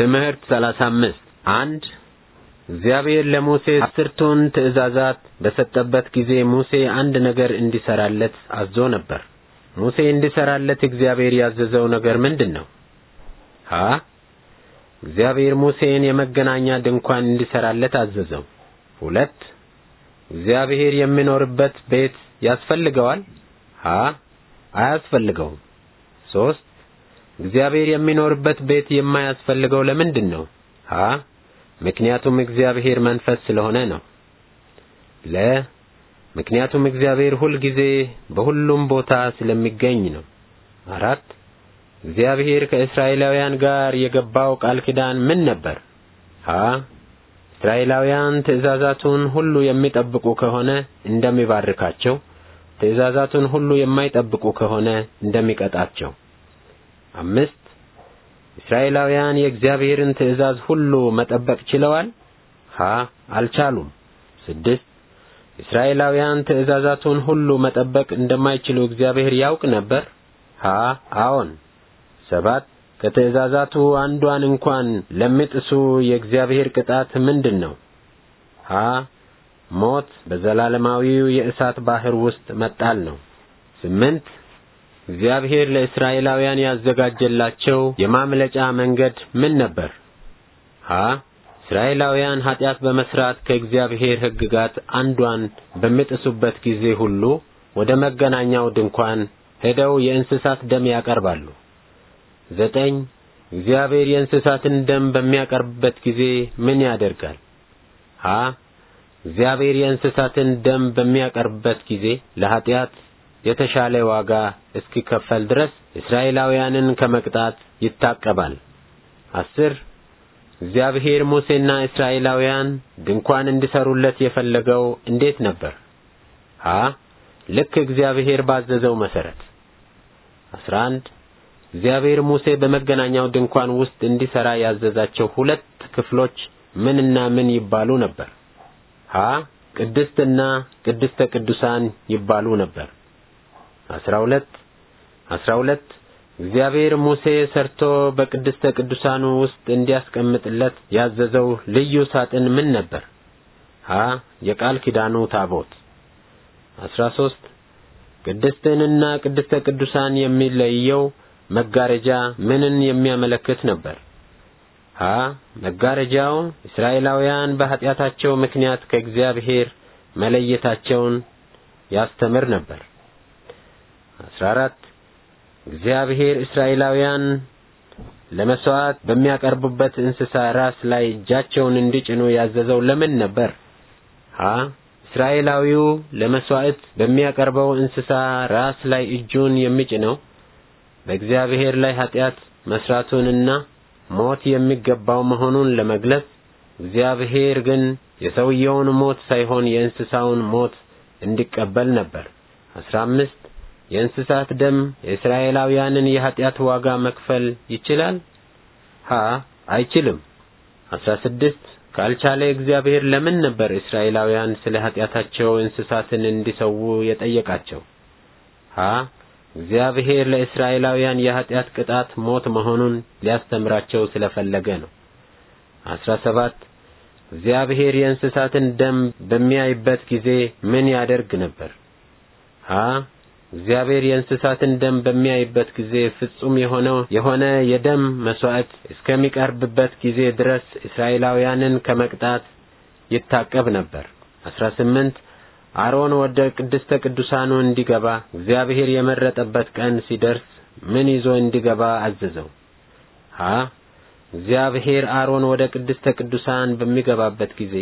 ትምህርት 35 አንድ እግዚአብሔር ለሙሴ አስርቱን ትእዛዛት በሰጠበት ጊዜ ሙሴ አንድ ነገር እንዲሰራለት አዞ ነበር። ሙሴ እንዲሰራለት እግዚአብሔር ያዘዘው ነገር ምንድን ነው? ሀ እግዚአብሔር ሙሴን የመገናኛ ድንኳን እንዲሰራለት አዘዘው። ሁለት እግዚአብሔር የሚኖርበት ቤት ያስፈልገዋል? ሀ አያስፈልገውም። ሶስት እግዚአብሔር የሚኖርበት ቤት የማያስፈልገው ለምንድን ነው? ሀ ምክንያቱም እግዚአብሔር መንፈስ ስለሆነ ነው። ለ ምክንያቱም እግዚአብሔር ሁል ጊዜ በሁሉም ቦታ ስለሚገኝ ነው። አራት እግዚአብሔር ከእስራኤላውያን ጋር የገባው ቃል ኪዳን ምን ነበር? ሀ እስራኤላውያን ትእዛዛቱን ሁሉ የሚጠብቁ ከሆነ እንደሚባርካቸው፣ ትእዛዛቱን ሁሉ የማይጠብቁ ከሆነ እንደሚቀጣቸው አምስት እስራኤላውያን የእግዚአብሔርን ትእዛዝ ሁሉ መጠበቅ ችለዋል? ሀ አልቻሉም። ስድስት እስራኤላውያን ትእዛዛቱን ሁሉ መጠበቅ እንደማይችሉ እግዚአብሔር ያውቅ ነበር? ሀ አዎን። ሰባት ከትእዛዛቱ አንዷን እንኳን ለሚጥሱ የእግዚአብሔር ቅጣት ምንድን ነው? ሀ ሞት በዘላለማዊው የእሳት ባህር ውስጥ መጣል ነው። ስምንት እግዚአብሔር ለእስራኤላውያን ያዘጋጀላቸው የማምለጫ መንገድ ምን ነበር? ሀ እስራኤላውያን ኀጢአት በመስራት ከእግዚአብሔር ሕግጋት አንዷን በሚጥሱበት ጊዜ ሁሉ ወደ መገናኛው ድንኳን ሄደው የእንስሳት ደም ያቀርባሉ። ዘጠኝ እግዚአብሔር የእንስሳትን ደም በሚያቀርብበት ጊዜ ምን ያደርጋል? ሀ እግዚአብሔር የእንስሳትን ደም በሚያቀርብበት ጊዜ ለኀጢአት የተሻለ ዋጋ እስኪከፈል ድረስ እስራኤላውያንን ከመቅጣት ይታቀባል። አስር እግዚአብሔር ሙሴና እስራኤላውያን ድንኳን እንዲሰሩለት የፈለገው እንዴት ነበር? ሀ ልክ እግዚአብሔር ባዘዘው መሰረት። አስራ አንድ እግዚአብሔር ሙሴ በመገናኛው ድንኳን ውስጥ እንዲሰራ ያዘዛቸው ሁለት ክፍሎች ምንና ምን ይባሉ ነበር? ሀ ቅድስትና ቅድስተ ቅዱሳን ይባሉ ነበር። አስራ ሁለት አስራ ሁለት እግዚአብሔር ሙሴ ሰርቶ በቅድስተ ቅዱሳኑ ውስጥ እንዲያስቀምጥለት ያዘዘው ልዩ ሳጥን ምን ነበር? ሀ የቃል ኪዳኑ ታቦት። አስራ ሶስት ቅድስትንና ቅድስተ ቅዱሳን የሚለየው መጋረጃ ምንን የሚያመለክት ነበር? ሀ መጋረጃው እስራኤላውያን በኃጢአታቸው ምክንያት ከእግዚአብሔር መለየታቸውን ያስተምር ነበር። 14 እግዚአብሔር እስራኤላውያን ለመስዋዕት በሚያቀርቡበት እንስሳ ራስ ላይ እጃቸውን እንዲጭኑ ያዘዘው ለምን ነበር? ሀ እስራኤላዊው ለመስዋዕት በሚያቀርበው እንስሳ ራስ ላይ እጁን የሚጭነው በእግዚአብሔር ላይ ኀጢአት መሥራቱንና ሞት የሚገባው መሆኑን ለመግለጽ፣ እግዚአብሔር ግን የሰውየውን ሞት ሳይሆን የእንስሳውን ሞት እንዲቀበል ነበር። አስራ አምስት የእንስሳት ደም የእስራኤላውያንን የኃጢአት ዋጋ መክፈል ይችላል? ሀ አይችልም። 16 ካልቻለ እግዚአብሔር ለምን ነበር እስራኤላውያን ስለ ኃጢአታቸው እንስሳትን እንዲሰው የጠየቃቸው? ሀ እግዚአብሔር ለእስራኤላውያን የኃጢአት ቅጣት ሞት መሆኑን ሊያስተምራቸው ስለፈለገ ነው። 17 እግዚአብሔር የእንስሳትን ደም በሚያይበት ጊዜ ምን ያደርግ ነበር? ሀ እግዚአብሔር የእንስሳትን ደም በሚያይበት ጊዜ ፍጹም የሆነው የሆነ የደም መስዋዕት እስከሚቀርብበት ጊዜ ድረስ እስራኤላውያንን ከመቅጣት ይታቀብ ነበር። 18 አሮን ወደ ቅድስተ ቅዱሳኑ እንዲገባ እግዚአብሔር የመረጠበት ቀን ሲደርስ ምን ይዞ እንዲገባ አዘዘው? ሀ እግዚአብሔር አሮን ወደ ቅድስተ ቅዱሳን በሚገባበት ጊዜ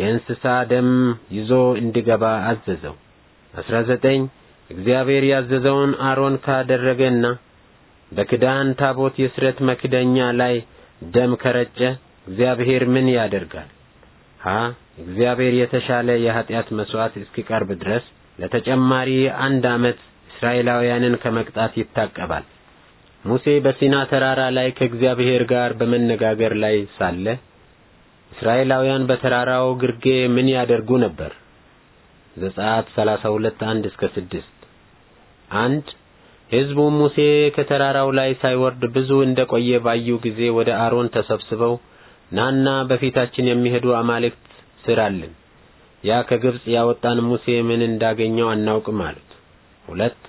የእንስሳ ደም ይዞ እንዲገባ አዘዘው። 19 እግዚአብሔር ያዘዘውን አሮን ካደረገና በክዳን ታቦት የስረት መክደኛ ላይ ደም ከረጨ እግዚአብሔር ምን ያደርጋል? ሀ እግዚአብሔር የተሻለ የኀጢአት መሥዋዕት እስኪቀርብ ድረስ ለተጨማሪ አንድ ዓመት እስራኤላውያንን ከመቅጣት ይታቀባል። ሙሴ በሲና ተራራ ላይ ከእግዚአብሔር ጋር በመነጋገር ላይ ሳለ እስራኤላውያን በተራራው ግርጌ ምን ያደርጉ ነበር? ዘጸአት 32 1 እስከ 6 አንድ ሕዝቡ ሙሴ ከተራራው ላይ ሳይወርድ ብዙ እንደቆየ ባዩ ጊዜ ወደ አሮን ተሰብስበው ናና በፊታችን የሚሄዱ አማልክት ስራልን፣ ያ ከግብፅ ያወጣን ሙሴ ምን እንዳገኘው አናውቅም አሉት። ሁለት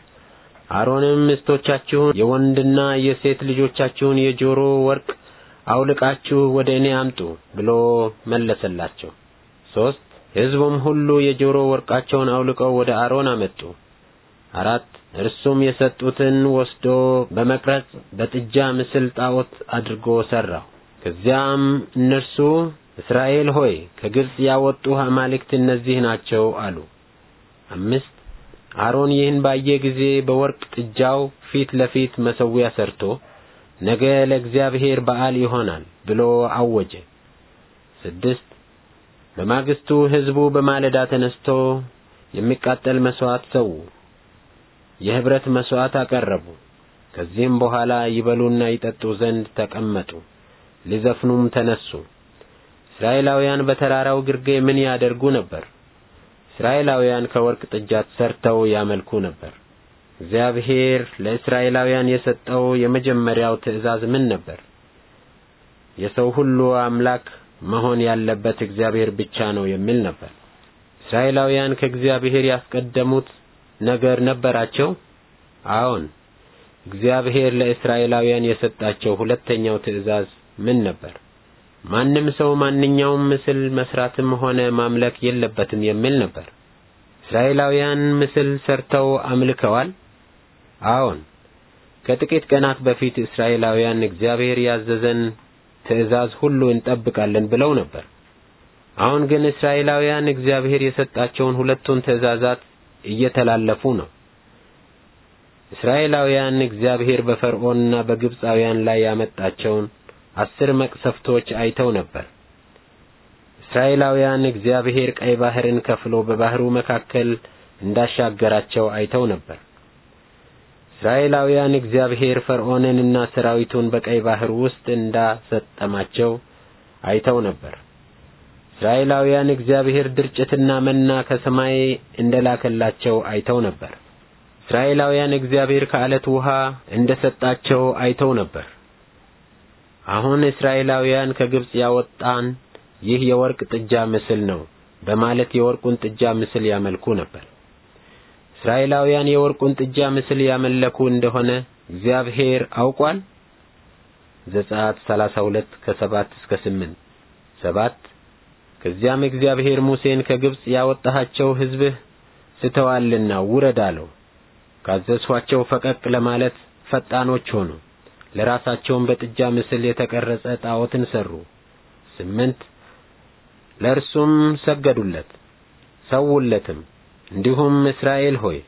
አሮንም ሚስቶቻችሁን የወንድና የሴት ልጆቻችሁን የጆሮ ወርቅ አውልቃችሁ ወደ እኔ አምጡ ብሎ መለሰላቸው። ሶስት ሕዝቡም ሁሉ የጆሮ ወርቃቸውን አውልቀው ወደ አሮን አመጡ። አራት እርሱም የሰጡትን ወስዶ በመቅረጽ በጥጃ ምስል ጣዖት አድርጎ ሠራው። ከዚያም እነርሱ እስራኤል ሆይ ከግብፅ ያወጡህ አማልክት እነዚህ ናቸው አሉ። አምስት አሮን ይህን ባየ ጊዜ በወርቅ ጥጃው ፊት ለፊት መሠዊያ ሠርቶ ነገ ለእግዚአብሔር በዓል ይሆናል ብሎ አወጀ። ስድስት በማግስቱ ሕዝቡ በማለዳ ተነስቶ የሚቃጠል መሥዋዕት ሰዉ። የህብረት መስዋዕት አቀረቡ። ከዚህም በኋላ ይበሉና ይጠጡ ዘንድ ተቀመጡ፣ ሊዘፍኑም ተነሱ። እስራኤላውያን በተራራው ግርጌ ምን ያደርጉ ነበር? እስራኤላውያን ከወርቅ ጥጃት ሰርተው ያመልኩ ነበር። እግዚአብሔር ለእስራኤላውያን የሰጠው የመጀመሪያው ትእዛዝ ምን ነበር? የሰው ሁሉ አምላክ መሆን ያለበት እግዚአብሔር ብቻ ነው የሚል ነበር። እስራኤላውያን ከእግዚአብሔር ያስቀደሙት ነገር ነበራቸው? አዎን። እግዚአብሔር ለእስራኤላውያን የሰጣቸው ሁለተኛው ትእዛዝ ምን ነበር? ማንም ሰው ማንኛውም ምስል መስራትም ሆነ ማምለክ የለበትም የሚል ነበር። እስራኤላውያን ምስል ሰርተው አምልከዋል? አዎን። ከጥቂት ቀናት በፊት እስራኤላውያን እግዚአብሔር ያዘዘን ትእዛዝ ሁሉ እንጠብቃለን ብለው ነበር። አሁን ግን እስራኤላውያን እግዚአብሔር የሰጣቸውን ሁለቱን ትእዛዛት እየተላለፉ ነው። እስራኤላውያን እግዚአብሔር በፈርዖንና በግብፃውያን ላይ ያመጣቸውን አስር መቅሰፍቶች አይተው ነበር። እስራኤላውያን እግዚአብሔር ቀይ ባህርን ከፍሎ በባህሩ መካከል እንዳሻገራቸው አይተው ነበር። እስራኤላውያን እግዚአብሔር ፈርዖንንና ሰራዊቱን በቀይ ባህር ውስጥ እንዳሰጠማቸው አይተው ነበር። እስራኤላውያን እግዚአብሔር ድርጭትና መና ከሰማይ እንደላከላቸው አይተው ነበር። እስራኤላውያን እግዚአብሔር ከዓለት ውሃ እንደሰጣቸው አይተው ነበር። አሁን እስራኤላውያን ከግብፅ ያወጣን ይህ የወርቅ ጥጃ ምስል ነው በማለት የወርቁን ጥጃ ምስል ያመልኩ ነበር። እስራኤላውያን የወርቁን ጥጃ ምስል ያመለኩ እንደሆነ እግዚአብሔር አውቋል። ዘጸአት 32 ከ7 እስከ 8 7 ከዚያም እግዚአብሔር ሙሴን ከግብፅ ያወጣሃቸው ሕዝብህ ስተዋልና ውረድ አለው። ካዘዝኋቸው ፈቀቅ ለማለት ፈጣኖች ሆኑ። ለራሳቸውም በጥጃ ምስል የተቀረጸ ጣዖትን ሠሩ። ስምንት ለእርሱም ሰገዱለት ሰውለትም። እንዲሁም እስራኤል ሆይ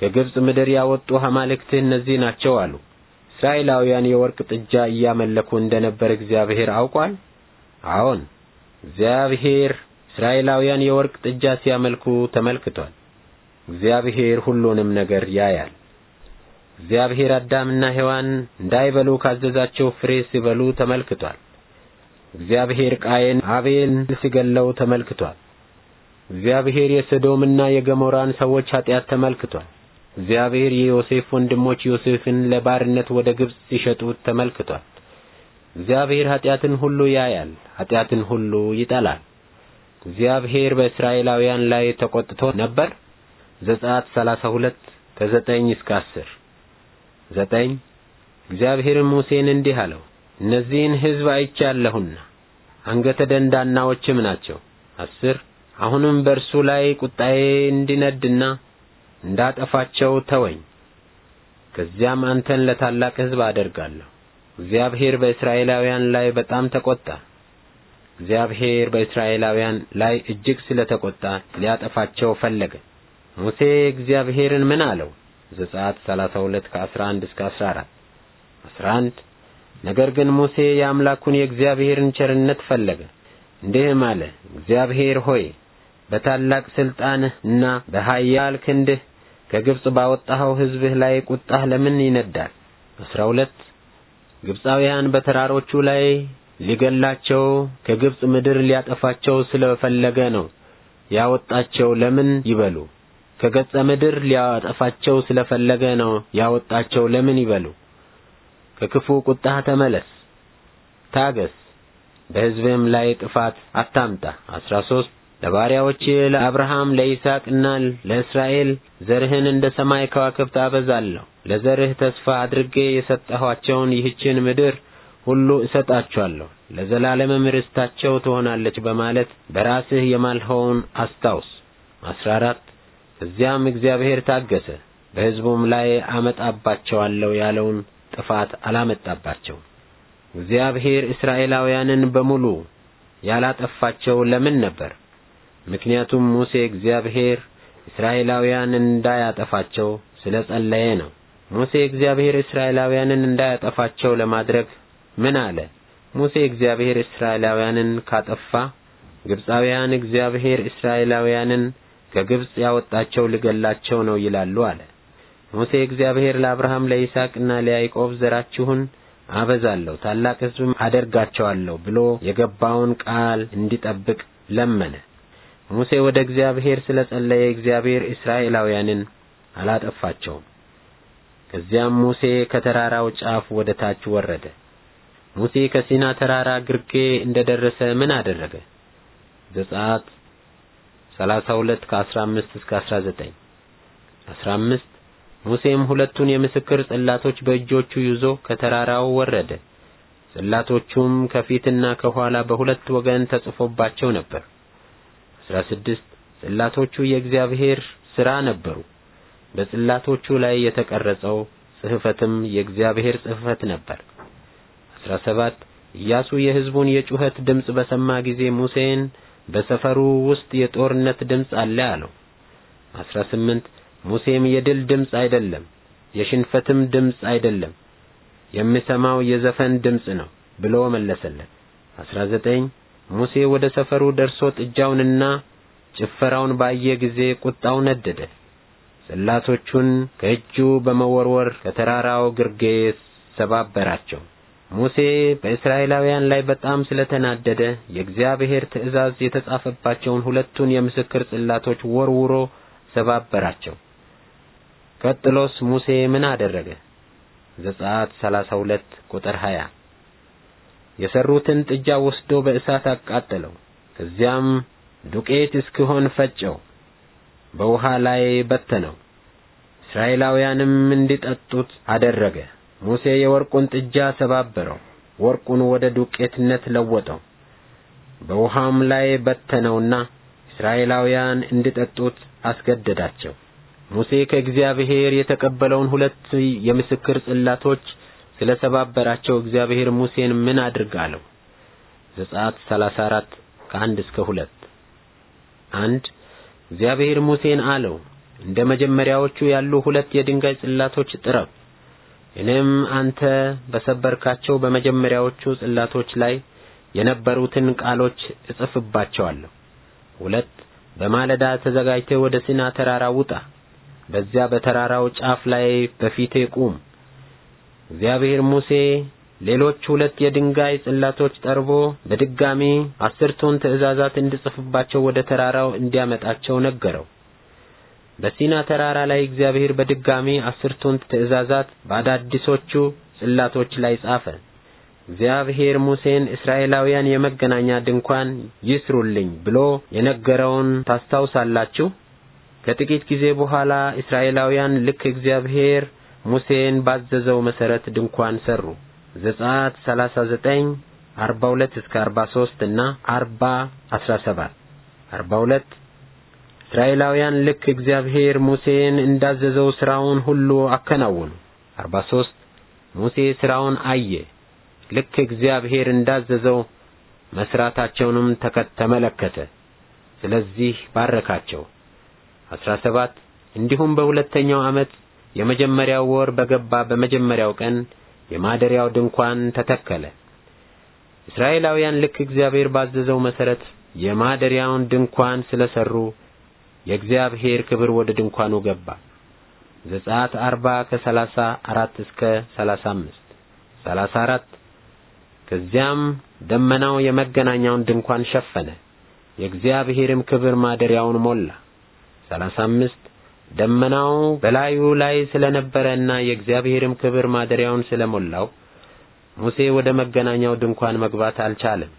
ከግብፅ ምድር ያወጡ አማልክትህ እነዚህ ናቸው አሉ። እስራኤላውያን የወርቅ ጥጃ እያመለኩ እንደነበር እግዚአብሔር አውቋል። አዎን እግዚአብሔር እስራኤላውያን የወርቅ ጥጃ ሲያመልኩ ተመልክቷል። እግዚአብሔር ሁሉንም ነገር ያያል። እግዚአብሔር አዳምና ሔዋን እንዳይበሉ ካዘዛቸው ፍሬ ሲበሉ ተመልክቷል። እግዚአብሔር ቃየን አቤል ሲገለው ተመልክቷል። እግዚአብሔር የሰዶምና የገሞራን ሰዎች ኀጢአት ተመልክቷል። እግዚአብሔር የዮሴፍ ወንድሞች ዮሴፍን ለባርነት ወደ ግብፅ ሲሸጡት ተመልክቷል። እግዚአብሔር ኃጢአትን ሁሉ ያያል፣ ኃጢአትን ሁሉ ይጠላል። እግዚአብሔር በእስራኤላውያን ላይ ተቆጥቶ ነበር። ዘጸአት 32 ከ9 እስከ 10 ዘጠኝ እግዚአብሔርም ሙሴን እንዲህ አለው፣ እነዚህን ሕዝብ አይቻለሁና አንገተ ደንዳናዎችም ናቸው። አስር አሁንም በእርሱ ላይ ቁጣዬ እንዲነድና እንዳጠፋቸው ተወኝ፣ ከዚያም አንተን ለታላቅ ሕዝብ አደርጋለሁ እግዚአብሔር በእስራኤላውያን ላይ በጣም ተቆጣ። እግዚአብሔር በእስራኤላውያን ላይ እጅግ ስለተቆጣ ሊያጠፋቸው ፈለገ። ሙሴ እግዚአብሔርን ምን አለው? ዘጸአት 32 ከ11 እስከ 14 11 ነገር ግን ሙሴ የአምላኩን የእግዚአብሔርን ቸርነት ፈለገ፣ እንዲህም አለ። እግዚአብሔር ሆይ በታላቅ ሥልጣንህ እና በኃያል ክንድህ ከግብፅ ባወጣኸው ሕዝብህ ላይ ቁጣህ ለምን ይነዳል? 12 ግብፃውያን በተራሮቹ ላይ ሊገላቸው ከግብፅ ምድር ሊያጠፋቸው ስለፈለገ ነው ያወጣቸው ለምን ይበሉ። ከገጸ ምድር ሊያጠፋቸው ስለፈለገ ነው ያወጣቸው ለምን ይበሉ። ከክፉ ቁጣ ተመለስ፣ ታገስ፣ በሕዝብም ላይ ጥፋት አታምጣ። አስራ ሦስት ለባሪያዎች ለአብርሃም ለይስሐቅና ለእስራኤል ዘርህን እንደ ሰማይ ከዋክብት አበዛለሁ ለዘርህ ተስፋ አድርጌ የሰጠኋቸውን ይህችን ምድር ሁሉ እሰጣቸዋለሁ፣ ለዘላለምም ርስታቸው ትሆናለች በማለት በራስህ የማልኸውን አስታውስ። 14 እዚያም እግዚአብሔር ታገሰ፣ በሕዝቡም ላይ አመጣባቸዋለሁ ያለውን ጥፋት አላመጣባቸው። እግዚአብሔር እስራኤላውያንን በሙሉ ያላጠፋቸው ለምን ነበር? ምክንያቱም ሙሴ እግዚአብሔር እስራኤላውያን እንዳያጠፋቸው ስለ ጸለየ ነው። ሙሴ እግዚአብሔር እስራኤላውያንን እንዳያጠፋቸው ለማድረግ ምን አለ? ሙሴ እግዚአብሔር እስራኤላውያንን ካጠፋ ግብፃውያን እግዚአብሔር እስራኤላውያንን ከግብፅ ያወጣቸው ልገላቸው ነው ይላሉ አለ። ሙሴ እግዚአብሔር ለአብርሃም ለይስሐቅና ለያዕቆብ ዘራችሁን አበዛለሁ ታላቅ ሕዝብም አደርጋቸዋለሁ ብሎ የገባውን ቃል እንዲጠብቅ ለመነ። ሙሴ ወደ እግዚአብሔር ስለ ጸለየ እግዚአብሔር እስራኤላውያንን አላጠፋቸውም። ከዚያም ሙሴ ከተራራው ጫፍ ወደ ታች ወረደ። ሙሴ ከሲና ተራራ ግርጌ እንደደረሰ ምን አደረገ? ዘጸአት 32 ከ15 እስከ 19 15 ሙሴም ሁለቱን የምስክር ጽላቶች በእጆቹ ይዞ ከተራራው ወረደ። ጽላቶቹም ከፊትና ከኋላ በሁለት ወገን ተጽፎባቸው ነበር። 16 ጽላቶቹ የእግዚአብሔር ሥራ ነበሩ። በጽላቶቹ ላይ የተቀረጸው ጽሕፈትም የእግዚአብሔር ጽሕፈት ነበር። 17 ኢያሱ የሕዝቡን የጩኸት ድምፅ በሰማ ጊዜ ሙሴን በሰፈሩ ውስጥ የጦርነት ድምፅ አለ አለው። 18 ሙሴም የድል ድምፅ አይደለም፣ የሽንፈትም ድምፅ አይደለም፣ የምሰማው የዘፈን ድምፅ ነው ብሎ መለሰለት። 19 ሙሴ ወደ ሰፈሩ ደርሶ ጥጃውንና ጭፈራውን ባየ ጊዜ ቁጣው ነደደ። ጽላቶቹን ከእጁ በመወርወር ከተራራው ግርጌ ሰባበራቸው። ሙሴ በእስራኤላውያን ላይ በጣም ስለተናደደ የእግዚአብሔር ትእዛዝ የተጻፈባቸውን ሁለቱን የምስክር ጽላቶች ወርውሮ ሰባበራቸው። ቀጥሎስ ሙሴ ምን አደረገ? ዘጸአት 32 ቁጥር 20 የሰሩትን ጥጃ ወስዶ በእሳት አቃጠለው። ከዚያም ዱቄት እስኪሆን ፈጨው፣ በውሃ ላይ በተነው። እስራኤላውያንም እንዲጠጡት አደረገ። ሙሴ የወርቁን ጥጃ ሰባበረው፣ ወርቁን ወደ ዱቄትነት ለወጠው፣ በውሃም ላይ በተነውና እስራኤላውያን እንዲጠጡት አስገደዳቸው። ሙሴ ከእግዚአብሔር የተቀበለውን ሁለት የምስክር ጽላቶች ስለ ሰባበራቸው እግዚአብሔር ሙሴን ምን አድርግ አለው? ዘጸአት 34 ከአንድ እስከ ሁለት አንድ እግዚአብሔር ሙሴን አለው እንደ መጀመሪያዎቹ ያሉ ሁለት የድንጋይ ጽላቶች ጥረብ። እኔም አንተ በሰበርካቸው በመጀመሪያዎቹ ጽላቶች ላይ የነበሩትን ቃሎች እጽፍባቸዋለሁ። ሁለት በማለዳ ተዘጋጅተ ወደ ሲና ተራራ ውጣ፣ በዚያ በተራራው ጫፍ ላይ በፊቴ ቁም። እግዚአብሔር ሙሴ ሌሎች ሁለት የድንጋይ ጽላቶች ጠርቦ በድጋሚ አስርቱን ትእዛዛት እንድጽፍባቸው ወደ ተራራው እንዲያመጣቸው ነገረው። በሲና ተራራ ላይ እግዚአብሔር በድጋሚ አስርቱን ትእዛዛት በአዳዲሶቹ ጽላቶች ላይ ጻፈ። እግዚአብሔር ሙሴን እስራኤላውያን የመገናኛ ድንኳን ይስሩልኝ ብሎ የነገረውን ታስታውሳላችሁ። ከጥቂት ጊዜ በኋላ እስራኤላውያን ልክ እግዚአብሔር ሙሴን ባዘዘው መሠረት ድንኳን ሰሩ። ዘጸአት 39 42 እስከ 43 እና 40 17 42 እስራኤላውያን ልክ እግዚአብሔር ሙሴን እንዳዘዘው ሥራውን ሁሉ አከናወኑ። 43 ሙሴ ሥራውን አየ፣ ልክ እግዚአብሔር እንዳዘዘው መሥራታቸውንም ተመለከተ። ስለዚህ ባረካቸው። 17 እንዲሁም በሁለተኛው ዓመት የመጀመሪያው ወር በገባ በመጀመሪያው ቀን የማደሪያው ድንኳን ተተከለ። እስራኤላውያን ልክ እግዚአብሔር ባዘዘው መሠረት የማደሪያውን ድንኳን ሠሩ የእግዚአብሔር ክብር ወደ ድንኳኑ ገባ። ዘጸአት 40 ከ34 እስከ 35 34 ከዚያም ደመናው የመገናኛውን ድንኳን ሸፈነ፣ የእግዚአብሔርም ክብር ማደሪያውን ሞላ። 35 ደመናው በላዩ ላይ ስለነበረና የእግዚአብሔርም ክብር ማደሪያውን ስለሞላው ሙሴ ወደ መገናኛው ድንኳን መግባት አልቻለም።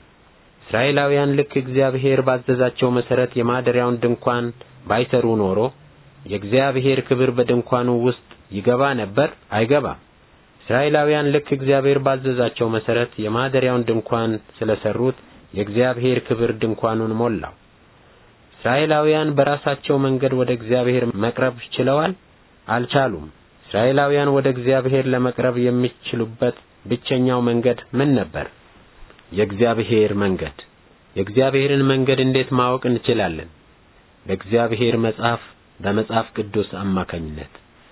እስራኤላውያን ልክ እግዚአብሔር ባዘዛቸው መሠረት የማደሪያውን ድንኳን ባይሰሩ ኖሮ የእግዚአብሔር ክብር በድንኳኑ ውስጥ ይገባ ነበር? አይገባም። እስራኤላውያን ልክ እግዚአብሔር ባዘዛቸው መሠረት የማደሪያውን ድንኳን ስለሰሩት የእግዚአብሔር ክብር ድንኳኑን ሞላው። እስራኤላውያን በራሳቸው መንገድ ወደ እግዚአብሔር መቅረብ ችለዋል? አልቻሉም። እስራኤላውያን ወደ እግዚአብሔር ለመቅረብ የሚችሉበት ብቸኛው መንገድ ምን ነበር? የእግዚአብሔር መንገድ የእግዚአብሔርን መንገድ እንዴት ማወቅ እንችላለን? በእግዚአብሔር መጽሐፍ በመጽሐፍ ቅዱስ አማካኝነት